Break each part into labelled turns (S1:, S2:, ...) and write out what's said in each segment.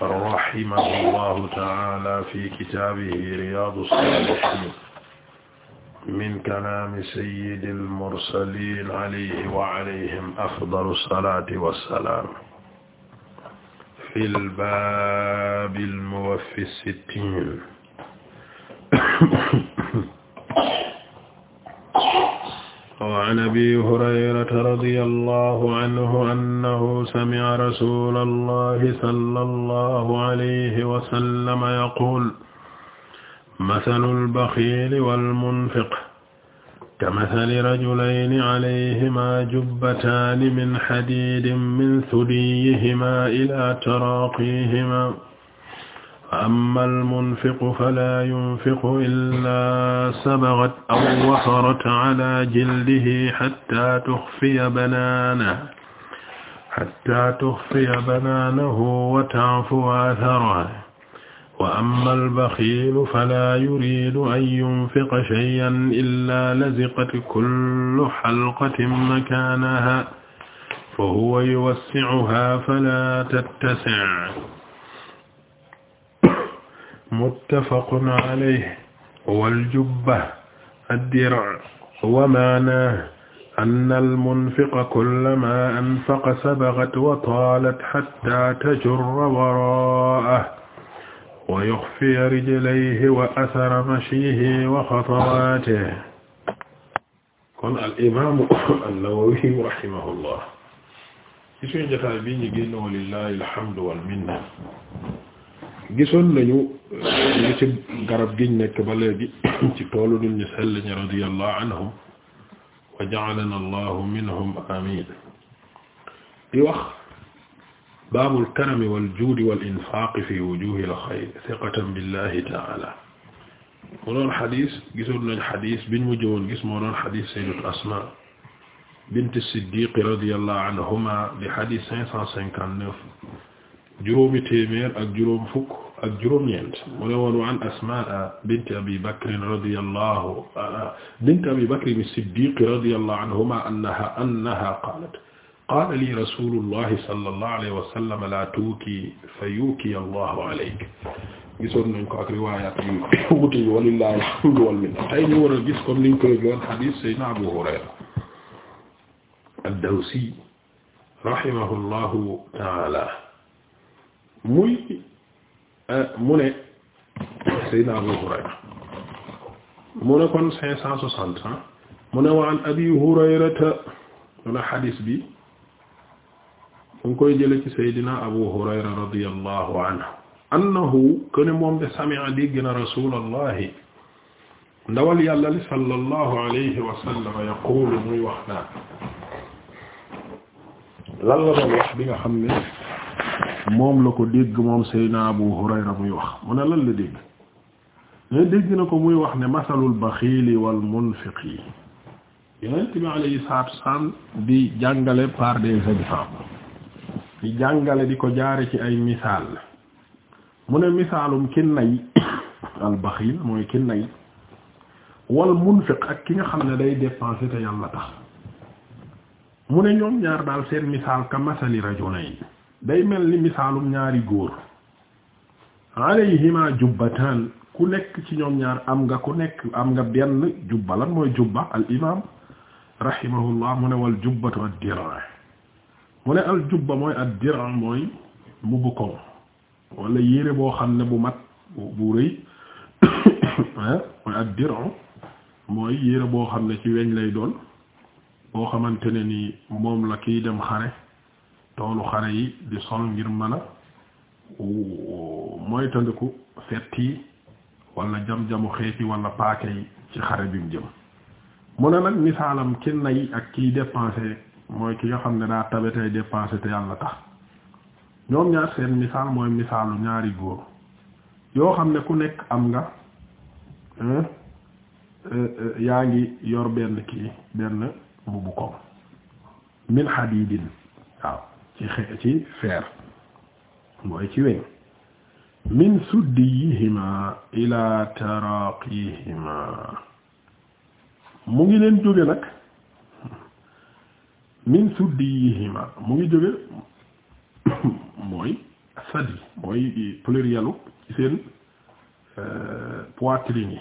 S1: rahimahu llahu ta'ala fi kitaabihi riyaadu saalihiin min kalaami sayyidil mursaliin alayhi wa alayhim afdalu salaati wa salaam fil baabil muwaffi sittiin وعن أبي هريرة رضي الله عنه أنه سمع رسول الله صلى الله عليه وسلم يقول مثل البخيل والمنفق كمثل رجلين عليهما جبتان من حديد من ثديهما إلى تراقيهما amma almunfiqu fala yunfiqu illaa sabagat aw wasarat ala jildihi hatta tuxfiya banaanahu hatta tuxfiya banaanahu wa ta'fuwa atharahu wa amma albaxiilu fala yuriidu an yunfiqa shay'an illaa laziqat kullu halqatin makaanahaa fahuwa yuwassi'uhaa falaa tattasi' muttafaqun alayhi waljubba ad-dir' wa maanaahu anna al-munfiqa kullamaa anfaqa sabaqat wa taalat hattaa tajurra waraa'ahu wa yukhfiya rijlayhi wa athara mashyihi wa khatawaatihi. kon al-imaamu an-Nawawi rahimahullah. ci suñu jotaay bi ñu génn, wa lillaahil hamdu wal minna. gisoon nañu. li ci garab giñ nekk ba léegi ci toolu nit ñu sell ñi radiyallahu anhum wa ja'alana allahu minhum amin di wax baabul karami wal juudi wal infaaqi fi wujuuhil xayri siqatan billahi ta'ala mu doon xadis gisoon nañ xadis biñ mu jëwoon gis moo doon xadis sayyidatu asma bint siddiqi radiyallahu anhuma di xadis cinq cent cinquante neuf juróomi téeméer ak juróom fukk ak juróom-ñeent mu ne woon wa an Asmaa bint Abi Bakr radiyallahu bint Abi Bakr as-Siddiq radiyallahu anhuma annaha annaha qaalat qaala li rasulullahi sallallahu alayhi wa sallam la tuuki fa yuuki Allahu alayk gisoon nañ ko ak riwaayaat yu wuute yi walillahi alhamdu wal minna tey ñu war a gis comme niñ ko yoon hadiis Seydina Abu Hurayra ad-Dawsi rahimahullahu ta'ala muy Euh, mu ne Seydina Abu Hurayra mu ne kon cinq cent soixante ah mu ne wa an Abi Hurayrata mu ne xadiis bi mu ngi koy jële ci Seydina Abu Hurayra radiyallahu anhu annahu kaana moom de sami'a dégg na Rasulullahi ndawal yàlla li sallallahu alayhi wa sallam yaqulu muy wax naan lan la doon wax bi nga xam ne moom la ko dégg moom Seydina Abu Hurayra muy wax mu ne lan la dégg ne dégg na ko muy wax ne masalul baxiili wal munfiqi yonent bi alayhi salaatu salaam bi jàngale par des exemples di jàngale di ko jaare ci ay misaal mu ne misaalum ki nay al baxiil mooy ki nay wal munfiq ak ki nga xam ne day dépenser te yàlla tax mu ne ñoom ñaar daal seen misaal ka masali rajulayn day mel ni misaalum ñaari góor alayhima jubbatan ku nekk ci ñoom ñaar am nga ku nekk am nga benn jubba lan mooy jubba al imam rahimahullah mu ne wal jubbatu ad mu ne al jubba mooy ad dir'a mooy mbubb koŋ wala yére boo xam ne bu mat bu rëy mooy ad mooy yére boo xam ne ci weñ lay doon boo xamante ne ni moom la kiy dem xare toolu xare yi di sol ngir mën a moytandiku fett yi wala jam-jamu xeet yi wala paaka yi ci xare bi mu jëm mu ne nag misaalam ki nay ak kiy dépensé mooy ki nga xam ne daa tabe tey dépensé te yàlla tax ñoom ñaar seen misaal mooy misaalu ñaari góor yoo xam ne ku nekk am nga yaa ngi yor benn kii benn mbubu koom min hadidin waaw ci ci feer mooy ci weñ min suddiyihima ila taraqihima mu ngi leen jóge nag min suddiyihima mu ngi jóge mooy sadi mooy plurielu ci seen euh, poitrine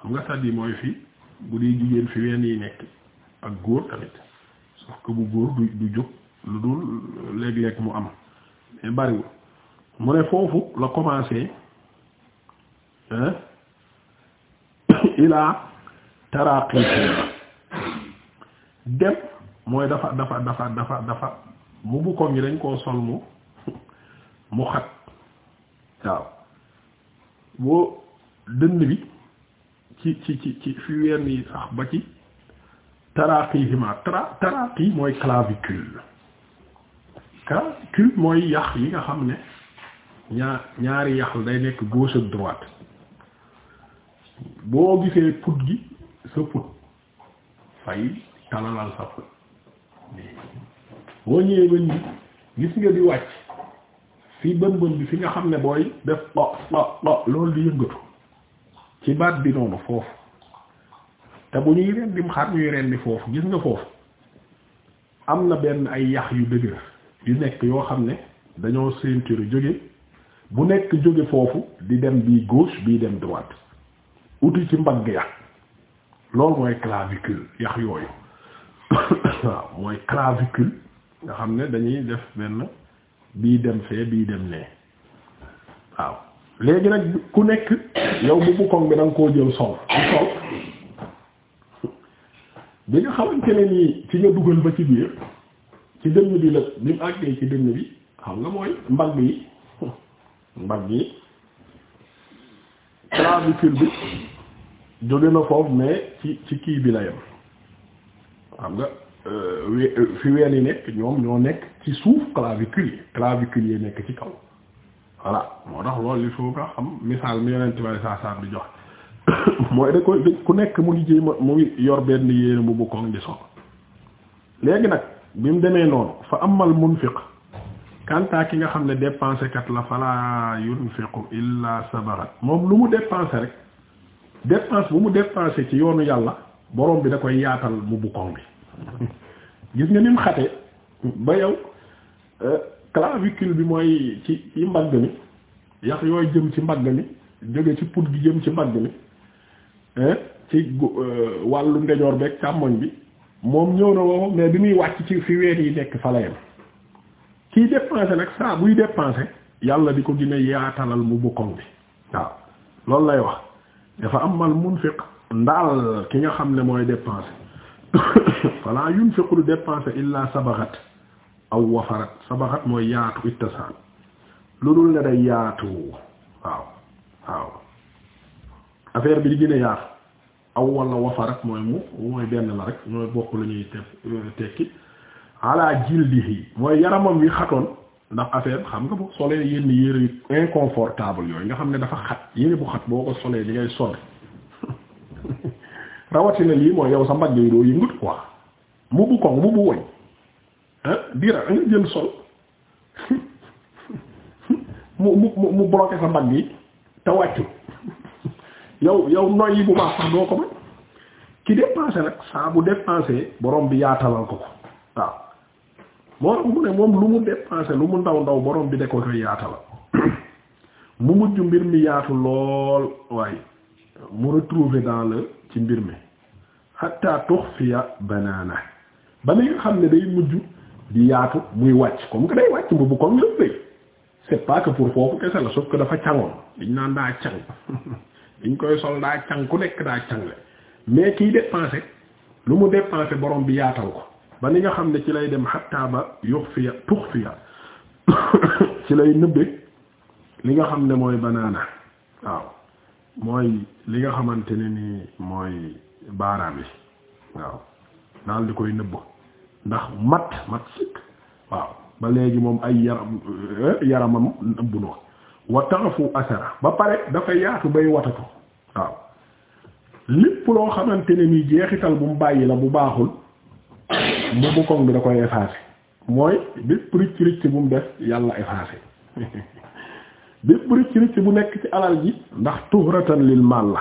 S1: xam nga sadi mooy fi bu dee jigéen fi wenn nekk ak góor tamit sauf que góor du du jóg lu dul léeg-léeg mu am mais bariwul mu ne foofu la commencé ilaa taraqi dem mooy dafa dafa dafa dafa dafa mu bu yi dañ koo sol mu mu xat waaw boo dënn bi ci ci ci ci fi ween yi sax ba ci taraqi hima tra- taraqi mooy clavicule ah mooy yax yi nga xam ne ñaa ñaari yax la day nekk gauche ak droite boo gisee put gi sa put fay talalal sa put boo ñëwee bën gis nga di wàcc fi bën bën bi fi nga xam ne booy def loolu di yëngatu ci baat bi noonu foofu te bu ñuy ren dim xar ñuy ren foofu gis nga foofu am na benn ay yax yu dëgër yu nekk yoo xam ne dañoo ceinture jóge bu nekk jóge foofu di dem bii gauche bii dem droite uti ci mbagg ya loolu mooy clavicule yax yooyu waaw mooy clavicule nga xam ne dañuy def benn bii dem fee bii dem nee waaw léegi nag ku nekk yow bu bukkoŋ bi da nga koo jël sol sol bi nga xamante ne nii ci nga dugal ba ci biir ci dënn bi la bi mu àggee ci dënn bi xam nga mooy mbagg yi mbagg yi clavicule bi jóge na foofu mais ci ci kii bi la yem xam nga euh, euh, fi ween yi nekk ñoom ñoo nekk ci suuf clavicule yi clavicule yi nekk ci kaw voilà moo tax lool li faut nga xam misaal mi yonent bari saa saa di jox mooy da koy ku nekk mu ngi jéem mu yor benn yéene mu bukkoon di sol léegi nag bi mu demee noonu fa amal munfiq kanta ki nga xam ne dépensé kat la fala yunfiqu illa sabarat moom lu mu dépensé rek dépense bu mu dépensé ci yoonu yàlla boroom bi da koy yaatal mu bukkoŋ bi gis nga ni mu xate ba yow euh, clavicule bi mooy ci ci mbagg mi yax yooy jëm ci mbagg mi jóge ci put gi jëm ci mbagg mi ci gu euh, wàllu ndejoor beeg càmmoñ bi moom ñëw na woo mais bi muy wàcc ci fi weer yi nekk fa la kiy dépenser nag saa buy dépenser yàlla di ko gën a yaatalal mu bokkoon bi waaw loolu lay wax dafa amal munfiq ndaal ki nga xam ne mooy dépenser fala yunfiqu du dépenser illa sabaxat aw wafarat sabaxat mooy yaatu ittasaan lu dul ne day yaatu waaw waaw affaire bi di gën a yaatu aw wala wafa rek mooy mu mooy benn la rek ñooy bokk la ñuy euh, tekki ala jildihi mooy yaramam wi xatoon ndax affaire xam nga boo solee yenn yére yu yooyu nga xam ne dafa xat yére bu xat boo ko solee li ngay sol rawatina lii mooy yow sa mbagg yi doo yëngut quoi mu bu koŋ mu bu woñ dira nga jël sol mu mu mu bloqué sa mbagg yi te wàccu yow yow noyyi bu baax sax doo ko mën ki dépensé nag saa bu borom bi yaatalal ko ko waaw moo mu ne moom lu mu dépensé lu mu ndaw ndaw borom bi de ko koy yaatalal mu mujj mbir mi yaatu lool waaye mu retrouver dans le ci mbir mi hatta tuxfiya banaana ba nga xam ne day mujj di yaatu muy wàcc comme que day wàcc bu comme lépp léegi c'est pas que pour foofu cangoon dañ naan daa càng liñ koy sol daa càng ku nekk daa cangle mais de dépensé lu mu dépensé borom bi yaatal ko ba li nga xam ne ci lay dem xattaa ba yux fiya tux fiya ci lay nëbbe li nga xam ne mooy banaana waaw mooy li nga xamante ne ni mooy baaraam yi waaw daal di koy nëbb ndax mat mat sikk waaw ba léegi moom ay yaram eh, yaramam nëbb noonu wa ta'fu asara ba pare dafa yaatu bay watatu waaw lépp loo xamante ne ni jeexital bu mu bàyyi la bu baaxul mu bu bi da koy effacé mooy bépp ricc ricc bu mu def yàlla effacé bu nekk ci alal ji ndax tuhratan lil mal la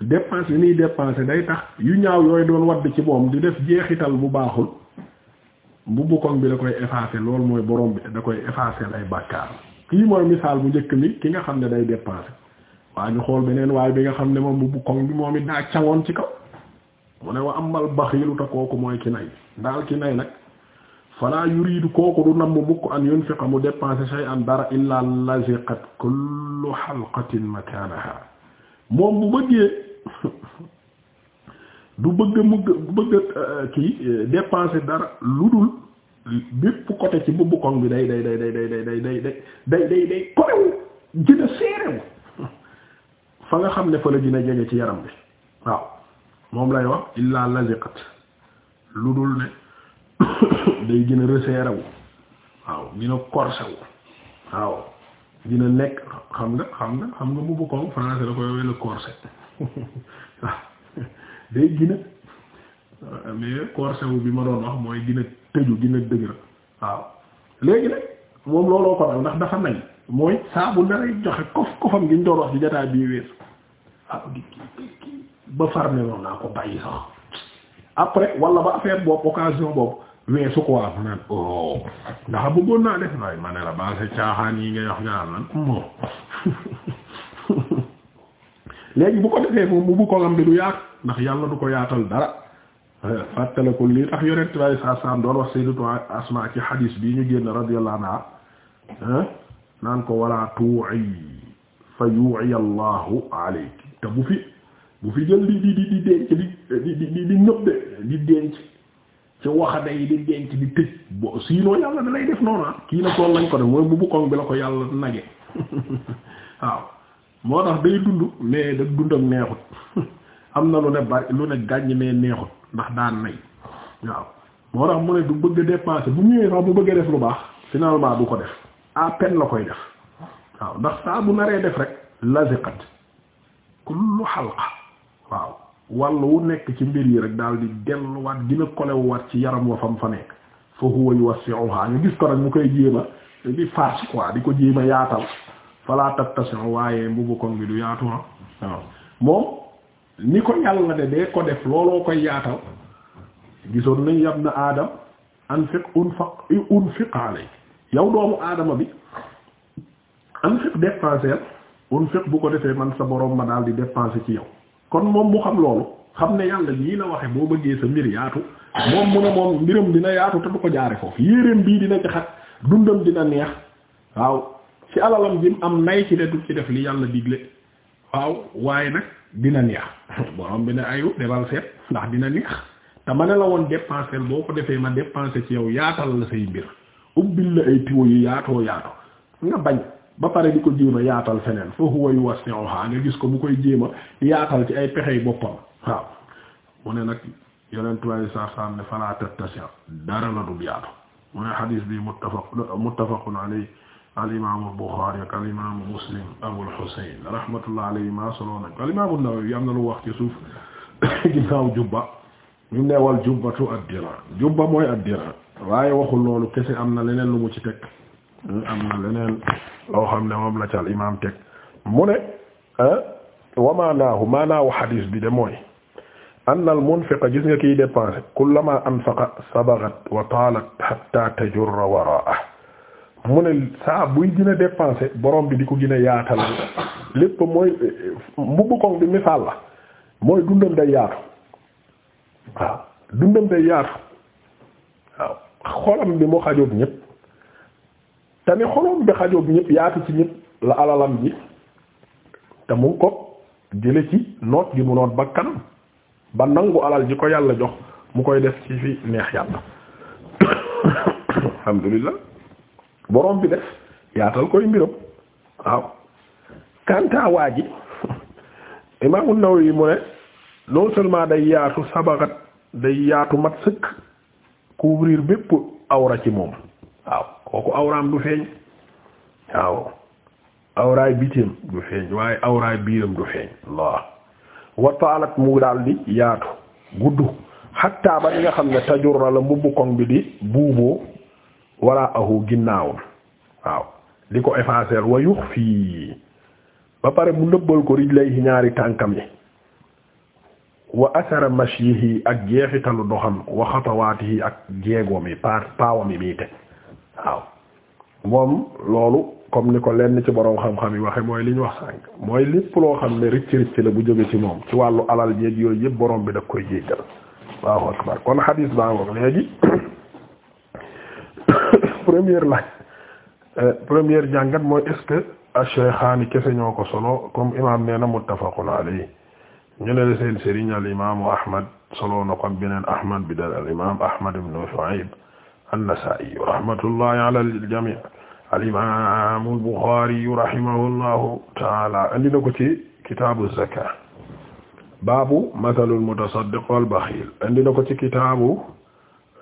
S1: dépense li muy dépensé day tax yu ñaaw yooyu doon wadd ci moom di def jeexital bu baaxul bu bu bi da koy effacé loolu mooy borom bi da koy effacé ay bàkkaar kii mooy misaal bu njëkk mi ki nga xam ne day dépenser waa ñu xool beneen waaye bi nga xam ne moom bu bu koŋ bi moom it daa cawoon ci kaw mu ne wa amal baxiilu te kooku mooy ki nay daal ki nay nag fala yuridu kooku du namm mukk an yunfiqa mu dépenser shay'an dara illa laziqat kullu halqatin makanaha moom bu bëggee du bëgg mu bëgg euh, kii euh, dépenser dara lu dul bépp côté ci bubbu koŋ bi day day day day day day day day day day fa nga xam ne fa la gën a jege ci yaram bi waaw moom lay wax illaa laziqat lu dul ne day gën a resserrewu waaw gën a waaw gën nekk xam nga xam nga xam nga bubbu koŋ français da koy woowee le day gën mais corsewu bi ma doon wax mooy gën tëju dina dëgër waaw léegi nag moom looloo ko nag ndax dafa nay mooy saa bu naree joxe kof kofam gi ñu doon wax ci jotaay bii weesu waaw ah di kii ba far ne naa ko bàyyi sax après wala ba affaire boobu occasion boobu weesu quoi mu naan oh ndax bëggoon naa def nooy ma ne sa caaxaan yi ngay wax nga am nag moom léegi bu ko defee moom bu bu ko lambe du yaat ndax yàlla du ko yaatal dara fàttale ko lii tax yonent bi saa saam doon wax sayyidatu Asma ci xadiis bii ñu génn radiyallahu anha naan ko wala tuu'i fa yu'i Allahu alayk te bu fi bu fi jël di di di denc di di di di di di di tëj bo sinon yàlla da lay def noonu ah. kii nag loolu lañ ko def mooy bu bukkoŋ bi la ko yàlla nage waaw moo tax day dund mais da dund ak neexut am na lu ne bari lu ne gàññ mais neexut ndax daan nay waaw moo tax mu ne du bëgg a bu ñëwee sax bu bëgg def lu baax finalement du ko def à la koy def waaw ndax saa bu naree def rek laziqat kullu xalqa waaw wàll wu nekk ci mbir yi rek daal di lu delluwaat gën a kolewuwaat ci yaram wa fam fa nekk fa huwa yuwassi'uha ñu gis ko nag mu koy jéema di farce quoi di ko jéema yaatal fala tattasi'u waaye mbubu koŋ bi du yaatu ah. waaw moom ni ko yàlla de dee ko def looloo koy yaatal gisoon nañ yab na aadam anfiq unfaq unfiq alay yow doomu aadama bi anfiq dépenser unfiq bu ko defee man sa borom ma daal di dépenser ci yow kon moom mu xam loolu xam ne yàlla lii la waxe boo bëggee sa mbir yaatu moom mu ne moom mbiram dina yaatu te du ko jaare foofu yéreem bii dina ci xat dundam dina neex waaw ci alalam jim am nay ci de du ci def li yàlla digle waaw waaye nag dina neex borom bi ne ayu defal seet ndax dina neex te ma ne la woon dépenser boo ko defee ma dépenser ci yow yaatal la say mbir ubbil la ay tiwo yu yaatoo yaatoo nga bañ ba pare di ko jéem a yaatal feneen fa huwa yuwasi'uha nga gis ko mu koy jéema a yaatal ci ay pexey boppam waaw mu ne nag yonent waaye saa saam ne falaa tattasi dara la du yaatu mu ne xadiis bi muttafaq muttafaqun alayhi alimaamu Buxaari ak alimaamu Muslim Abul Husayn rahmatullah alayhima solo nag alimaamu Nawawi am na lu wax ci suuf ginnaaw jubba ñu ne wal jubbatu ad-dira jubba mooy ad-dira waaye waxul loolu kese am na leneen lu mu ci teg hmm, am na leneen loo xam ne moom la ci alimaam teg mu ne ah, wa maanaahu maanaahu xadiis bi de mooy anna al munfiqa gis nga kiy dépensé kullama anfaqa sabagat wa taalat hatta tajurra waraahu mu ne saa buy gën a borom bi di ko gën a yaatal lépp mooy mbubbu koŋ bi misaal la mooy dundam day yaatu waaw dundam day yaatu waaw xolam bi mu xajoog ñépp tamit xolom bi xajoog ñépp yaatu ci ñépp la alalam ji te mu ko jële ci noot gi mu noot ba kanam ba nangu alal ji ko yàlla jox mu koy def ci fi neex yàlla alhamdulillah borom bi def yaatal koy mbiram waaw kanta ji Imaam An-Nawawi mu ne non seulement day yaatu sabaxat day yaatu mat sëkk couvrir bépp awra ci moom waaw kooku awraam du feeñ waaw awraay bitim du feeñ waaye awraay biiram du feeñ Allah wa taalat mu daal di yaatu gudd xattaa ba ni nga xam ne tajur na la mbubb koŋ bi di buuboo waraahu ginnaawam waaw li ko effacer wa yuxfi ba pare mu nëbbal ko rijlayhi ñaari tànkam yi wa asara mashyihi ak jeexitalu doxam wa xatawaatihi ak jeegoom yi pa paawam yi muy waaw moom loolu comme ni ko lenn ci boroom xam-xam yi waxe mooy li ñu wax sànk mooy lépp loo xam ne ricc ricc la bu jóge ci moom ci wàllu alal jeeg yooyu yëpp boroom bi daf koy jéggal waaw akbar kon xadiis baa ngoog léegi première laaj euh, première jàngat mooy est-ce que ash-shaykhaani kese ñoo ko solo comme imaam nee na muttafaqun alayhi ñu ne la seen sëriñ al imaamu Ahmad solo na ko am beneen Ahmad bi dal al imaam Ahmad ibn Shu'ayb an-Nasaa'i rahmatullahi ala al-jamii' al imaam al-Buxaari rahimahullahu ta'ala andi na ko ci kitaabu zakaat baabu mathalul ko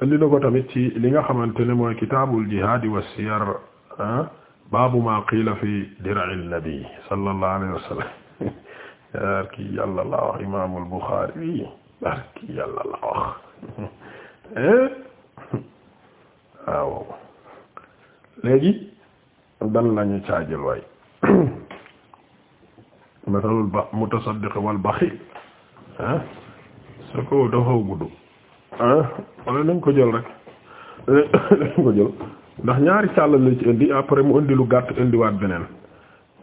S1: indi tamit ci li nga xamante ni mooy kitaabul jihaad wa siyar ah, baabu maa qiila fi dir'il nabi sallallahu alayhi wa sallam barki yàlla la wax imaamul Buxaari barki yàlla la wax eh? léegi dan lañu caajal waay matalul ba mutasaddiq wal baxiil ah sa ko dafa gudd wala nañ ko jël rek nañ ko jël ndax ñaari càllal la ci indi après mu indi lu gàtt indiwaat beneen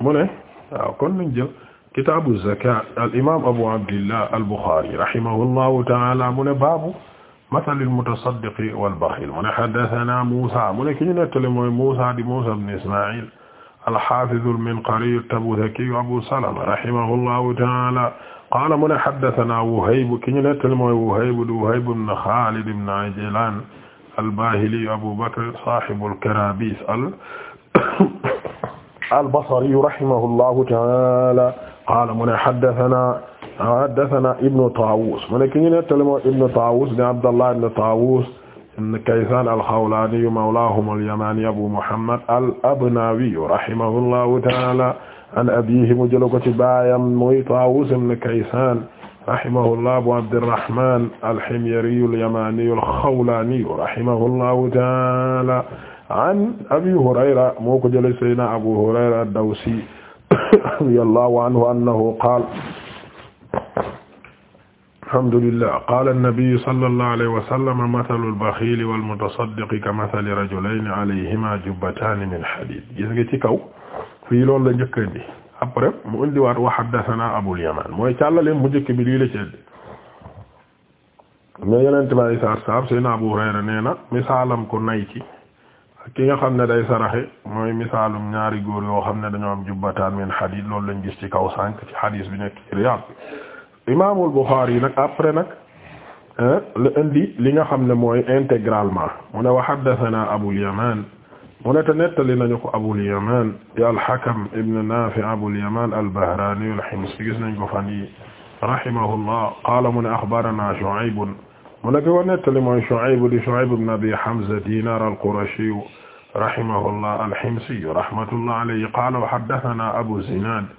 S1: mu ne waaw kon nañ jël kitaabu zakat al imaam abu abdillah al buxaari rahimahullahu taala mu ne baabu masalil mutasaddiqi wal baxiil mu ne haddasanaa Muusaa mu ne ki ñu nettali mooy Muusaa di Muusaa ibn Ismaa'iil al haafiz al minqari at-Tabuzaki abu Salama rahimahullahu taala qaala mu ne haddasanaa Wuhayb ki ñu nettali mooy Wuhayb di Wuhayb ibn Xaalid ibn Ajlaan al-Baahili Abu Bakr saahibul Karaabiis al-Basri rahimahullahu ta'aala qaala mu ne haddasanaa haddasanaa Ibnu Taawus mu ne ki ñu nettali mooy Ibnu Taawus di Abdallah ibn Taawus ibn Kaysaan al-Xawlaani mawlaahum al-Yamaani Abu Muhammad al-Abnaawi rahimahullahu ta'aala an abiihi mu jëloon ko ci baayam muy Taawus ibn Kaysaan rahimahullah Abu Abdirrahmaan al-Himyari al-Yamaani al-Xawlaani rahimahullahu ta'aala an Abi Hurayra moo ko jëlee Seydina Abu Hurayra ad-Dawsi radiyallahu anhu annahu qaala alhamdulillah qaala an-nabiyyu sallallahu alayhi wa sallam mathalu al-bakhiili wal-mutasaddiqi kamathali rajulayni alayhimaa jubbataani min hadiid gis nga ci kaw. fii loolu la njëkk indi après mu indiwaat wa haddathana Abul Yaman mooy càllale mu njëkk bi lii la ci indi mais yeneen tubaab yi saar saar Abu Hurayra nee na misaalam ko nay ci ki nga xam ne day saraxe mooy misaalum ñaari góor yoo xam ne dañoo am jubbataan min xadiis loolu lañ gis ci kaw sànk ci xadiis bi nekk ci Riyaad Imaamul Buxaari yi nag après nag la indi li nga xam ne mooy integralement mu ne wa haddathana Abul Yaman mu ne te nettali nañu ko Abul Yaman ya al-Hakam ibn Nafi' Abul Yaman al-Bahrani al-Himsi gis nañ ko fan yi rahimahullah qaala mu ne axbarana Shu'ayb mu ne ki ko nettali mooy Shu'ayb di Shu'ayb ibn Abi Hamza Dinar al-Qurashi rahimahullah al-Himsi rahmatullah alayhi qaala wa haddathana Abu Zinad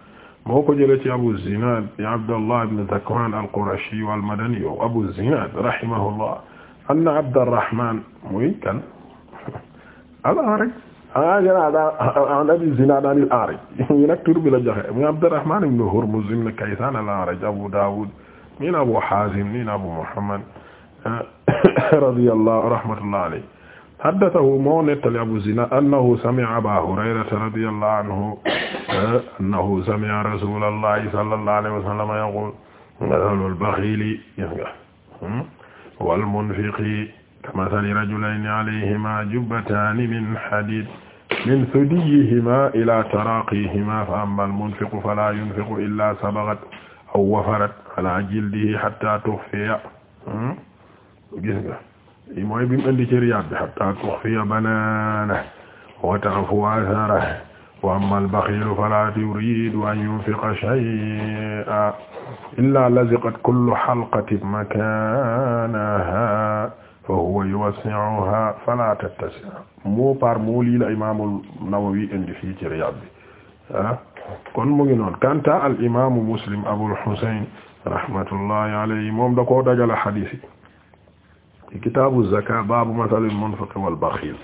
S1: moo ko jëlee ci Abu Zinad ya Abdallah ibn Dhakwan al-Qurashi al-Madani Abu Zinad rahimahullah anna Abdarrahman muy kan al-A'raj ah gannaaw daal an Abi Zinaad an al-A'raj ñu nag tur bi la joxe mu Abdurrahmaan ibn Hurmuz ibn Kaysaan al-A'raj Abu Daawuud min Abu Haazim min Abu Muhammad radiyallahu rahmatullahi alayhi haddathahu moo nettali Abu Zinaad annahu sami'a Abaa Hurayrata radiyallahu anhu annahu sami'a rasuulallahi sallallahu alayhi wa sallam yaquulu masalul baxiili hmm, wal munfiqi kamasali rajulayni alayhima jubbataani min hadid min sudiyihima ila taraqihima fa amma almunfiqu fala yunfiqu illa sabagat aw wafarat ala jildihi hatta tukhfiya gis nga mooy bi mu indi ci riyaat bi hatta tukhfiya banaana wa ta'fuwa thara wa amma albaxilu fala yuridu an yunfiqa shay'an illa laziqat kullu halqatin makanaha fa huwa yuwassi'uha fala tattasi' mot par mot lii la imaamul Nawawi indi fii ci Riyaad bi ah kon mu ngi noon kanta al imaamu Muslim Abul Husayn rahmatullahi alayhi moom da koo dajale hadiis yi ci kitaabu zakaat baabu masalil munfiq wal baxiil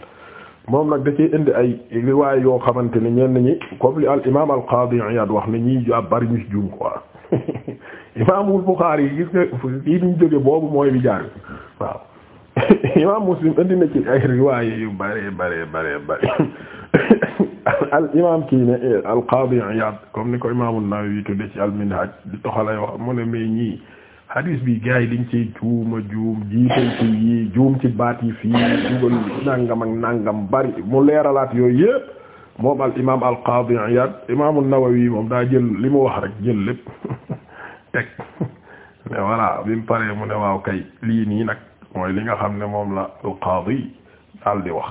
S1: moom nag da indi ay riwaay yoo xamante ne ñenn ñi comme li al imaam al qaadi Iyaad wax ne ñiy jàpp bari ñu juum quoi imaamul Buxaari yi gis nga fii ñu jóge boobu mooy bi jaar imaam muslim indi na ci ay riwaay yu bare bare bare bare al imaam kii ne eh, al qaadi Iyaad comme ni ko imaam an-Nawawi tudde ci al minhaj di toxalay wax mu ne mais ñii hadis bi gars yi dañ cee juuma juum jiital ci yi juum ci baat yi fii dugal nangam ak nangam bari mu leeralaat yooyu yëpp moom al imaam al qaadi Iyaad imaam an-Nawawi moom daa jël li mu wax rek jël lépp teg mais voilà bi mu paree mu ne waaw kay lii nii nag. mooy li nga xam ne moom la al qaadi daal di wax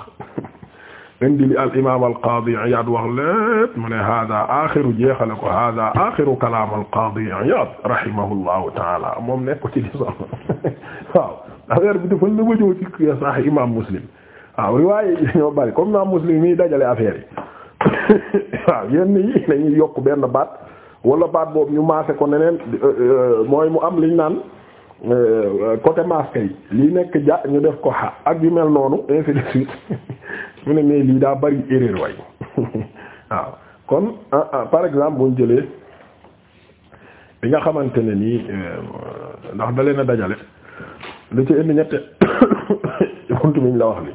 S1: indi li al imaam al wax lépp mu ne haadaa aaxiru jeexale ko haadaa aaxiru kalaam al qaadi Iyaad rahimahullahu taala moom nekk ko ci gisoon waaw affaire bi dafa la wëjoo ci Sahih imaam Muslim waaw riwaaye yi ñoo bari comme imaam Muslim yi dajale affaire yi waaw yokk benn baat wala baat boobu ñu maase ko neneen euh, euh, mooy mu am li naan. Euh, côté masque yi lii nekk ja ñu def ko xa ak yu mel noonu ainsi de suite mu ne mais lii daa bari erreur way waaw kon ah, ah, par exemple buñ jëlee bi nga xamante ne nii euh, ndax da leen a dajale lu ci indi ñette buntu bi ñu la wax li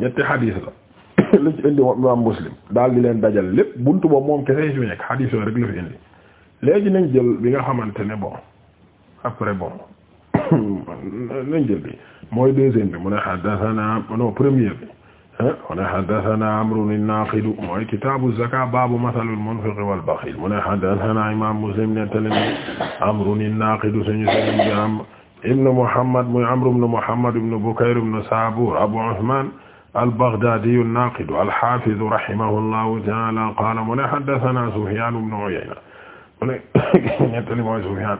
S1: ñetti xadiis la li ci indi imaam Muslim daal di leen dajale lépp buntu boobu moom kese yi fi nekk xadiis yooyu rek la fi indi léegi nañ jël bi nga xamante ne bon après bon nañ jël bi mooy deuxième bi mu ne haddathana non première bi mu ne haddathana amrun an-naqid mooy kitaabu zakaat baabu mathalul munfiq wal bakhil mu ne haddathana imam muslim nettali amrun an-naqid suñu sëriñ bi am ibn muhammad muy amr ibn muhammad ibn bukayr ibn sabur abu uthman al-baghdadi an-naqid al-hafiz rahimahullahu ta'ala qala mu ne haddathana sufyan ibn uyayna mu ne nettali mooy sufyan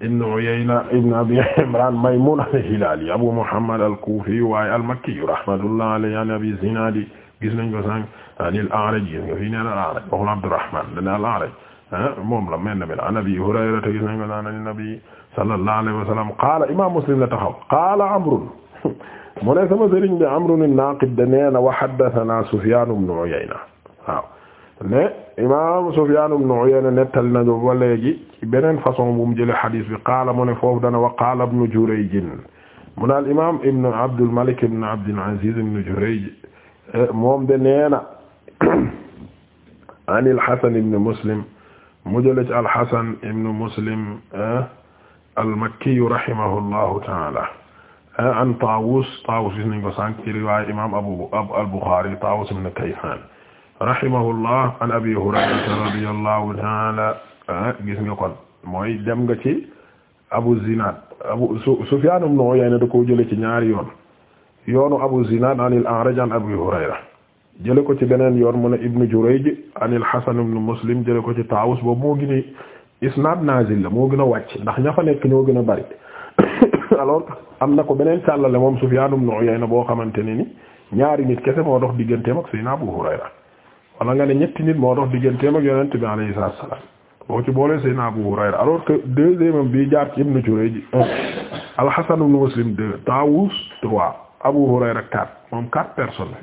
S1: ibn Uyayna ibn Abi Imran Maymun al-Hilali Abu Muhammad al-Kufi waaye al-Makki rahmatullah alayhi an Abi Zinad gis nañ ko sànq an ah, al-A'raj gis nga fi nee na al-A'raj waxul Abdurrahman dana al-A'raj ah, moom la mel na mel an Abi Hurayra gis nañ ko sànq an Nabi sallallahu alayhi wa sallam qaala imaam Muslim la taxaw qaala Amrun mu ne sama sëriñ bi Amrun an-Naqid da nee na wa haddathana Sufyan ibn Uyayna waaw ne imaam Sufyaan ibn Uyayna nettali nañu ba léegi ci beneen façon bu mu jëlee xadiis bi qaala mu ne foofu dana wa qaala ibn Jurayj mu ne al imaam ibn Abdul Malik ibn Abdul Aziz ibn Jurayj moom de neena an al Hasan ibn Muslim mu jëlee ci al Hasan ibn Muslim al Makki rahimahullahu ta'ala an Taawus Taawus gis nañ ko sànq ci riwaaya imaam Abu al Bukhari Taawus ibn Kaysan rahimahullah an abi hurayrata radiyallahu taala ah, gis nga kon mooy dem nga ci abu zinad abu sufyan ibn uyayna da koo jële ci ñaari yoon yoonu abu zinad anil a'raj an abi hurayra jële ko ci beneen yoon mu ne ibnu jurayj anil hasan ibn muslim jële ko ci taawus boobu moo gën a isnad nazil la moo gën a wàcc ndax ña fa nekk ñoo gën a bari alors am na ko beneen càllale moom sufyan ibn na boo xamante ne ni ñaari nit kese moo dox digganteem ak sayna abu wala nga ne ñetti nit moo dox digganteem ak yonent bi alayhi salaam boo ci boole Seydina Abu Hurayra alors que deuxième bi jaar ci Ibn Jurayj un al-Hasan ibn Muslim deux Tawus trois Abu Hurayra quatre moom quatre personnes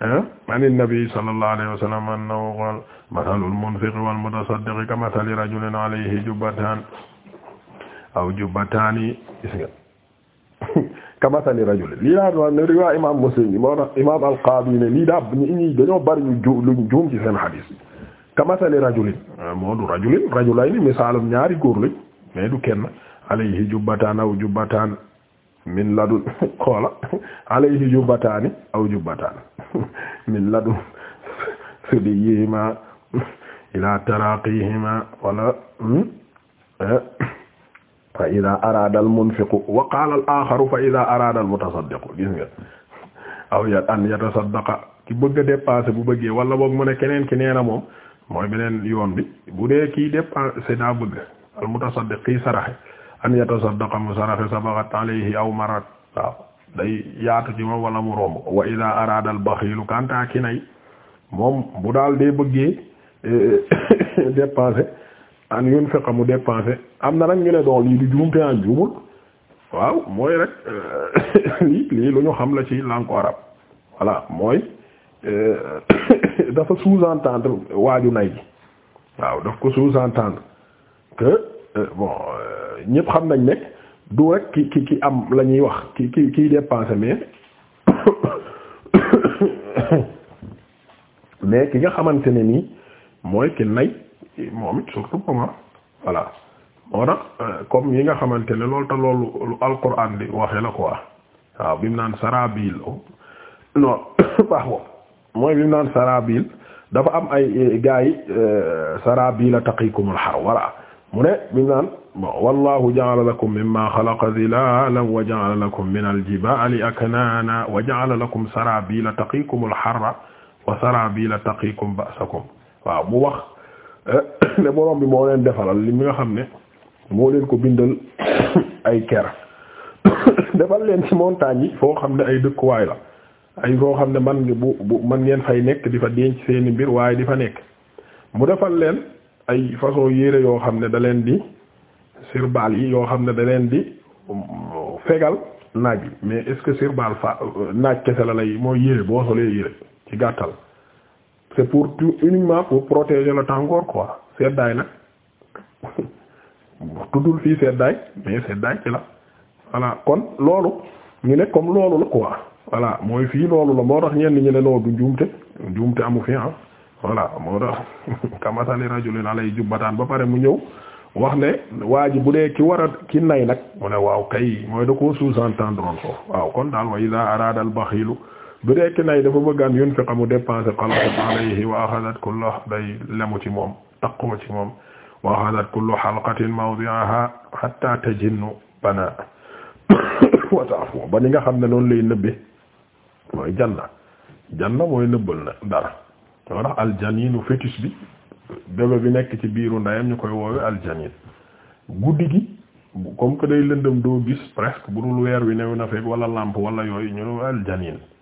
S1: an nabi sallallahu alayhi wa sallam annahu qaala mathalul munfiqi wal mutasaddiqi kamathali rajulin alayhi jubbatan aw jubbataani gis kamasali rajul lii laa doon ne riwaa imaam muslim bi moo imaam al-qaadi ne daa ñi dañoo juum ci seen xadiis kamasali rajulin ah, moo rajulin rajulayni misaalum ñaari góor lañ mais du kenn alayhi jubbataan aw jubbataan min ladun xoola alayhi jubbataani aw jubbataan min ladun sudiyihima ila taraqihima wala hmm, eh, fa ida arada al munfiqu wa fa ida arada al gis nga aw ya an yatasaddaqa ki bëgg a dépasser bu bëggee wala boog mu ne keneen ki nee moom mooy beneen yoon bi bu dee kii dépasser daa bëgg al mutasaddiq kii saraxe an yatasaddaqa mu saraxe sabaqat alayhi aw marat waaw day yaatu ci moom wala mu romb wa ida arada baxiilu kanta ki nay moom bu daal dee bëggee dépasser an yunfiqa mu dépensé am na nag ñu ne doon lii du juumte an juumul waaw mooy rek euh, lii lu ñu xam la ci langue arabe voilà mooy euh, dafa sous-entendre waaju nay ji waaw daf ko sous-entendre que euh, bon ñépp xam nañ ne du rek ki ki ki am la ñuy wax ki ki kiy dépensé mais mais ki nga xamante ne nii mooy ki nay ci moom it surtout moom voilà moo tax euh, yi nga xamante ne loolu te loolu lu alquran di sarabil oh, non baax am ay eh, gars yi euh, sarabila taqikumul har voilà mu ne bi mu naan lakum mimma xalaqa zilalan wa ja'ala lakum min aljibali aknana wa ja'ala lakum sarabila taqikumul harra wa sarabila taqikum ba'sakum ne borom bi moo leen defalal li mu nga xam ne moo leen ko bindal ay ker defal leen ci montagne yi foo xam ne ay dëkkuwaay la ay foo xam ne man bu bu man ngeen fay nekk di fa denc seeni mbir waaye di fa nekk mu defal leen ay façon yére yoo xam ne da leen di sirbal yi yoo xam ne da leen di um, fegal naaj bi mais est-ce que sirbal fa euh, naaj kese la lay mooy yére boo solee yére ci gàttal c'est pour tout uniquement pour protéger le tàngoor quoi seddaay nag tuddul fii seddaay mais seddaay ci la voilà kon loolu ñu ne comme loolu la quoi voilà mooy fii loolu la moo tax ñenn ñu ne loolu du njuumte njuumte amu fi ah voilà moo tax kamasali rajulin alay jubbataan ba pare mu ñëw wax ne waa ji bu dee ki war a ki nay nag mu ne waaw kay mooy da koo sous-entendre foofu waaw kon daal wa ida araada al baxilu bu dekk nay dafa bëgg an yunfiqa mu dépenser xalqat alayhi wa axadat kullu day lemu ci moom taqoo ci moom wa axadat kullu xalqatin mawdi'aha hatta tajinnu bana wa ta'fu ba ni nga xam ne noonu lay nëbbe mooy janna janna mooy nëbbal na dara yoo tax aljaniinu fétus bi bébé bi nekk ci biiru ndeyam ñu koy woowe aljaniin guddi gi comme que day lëndëm doo gis presque bu dul weer wi new na fekk wala lampe wala yooyu ñu aljaniin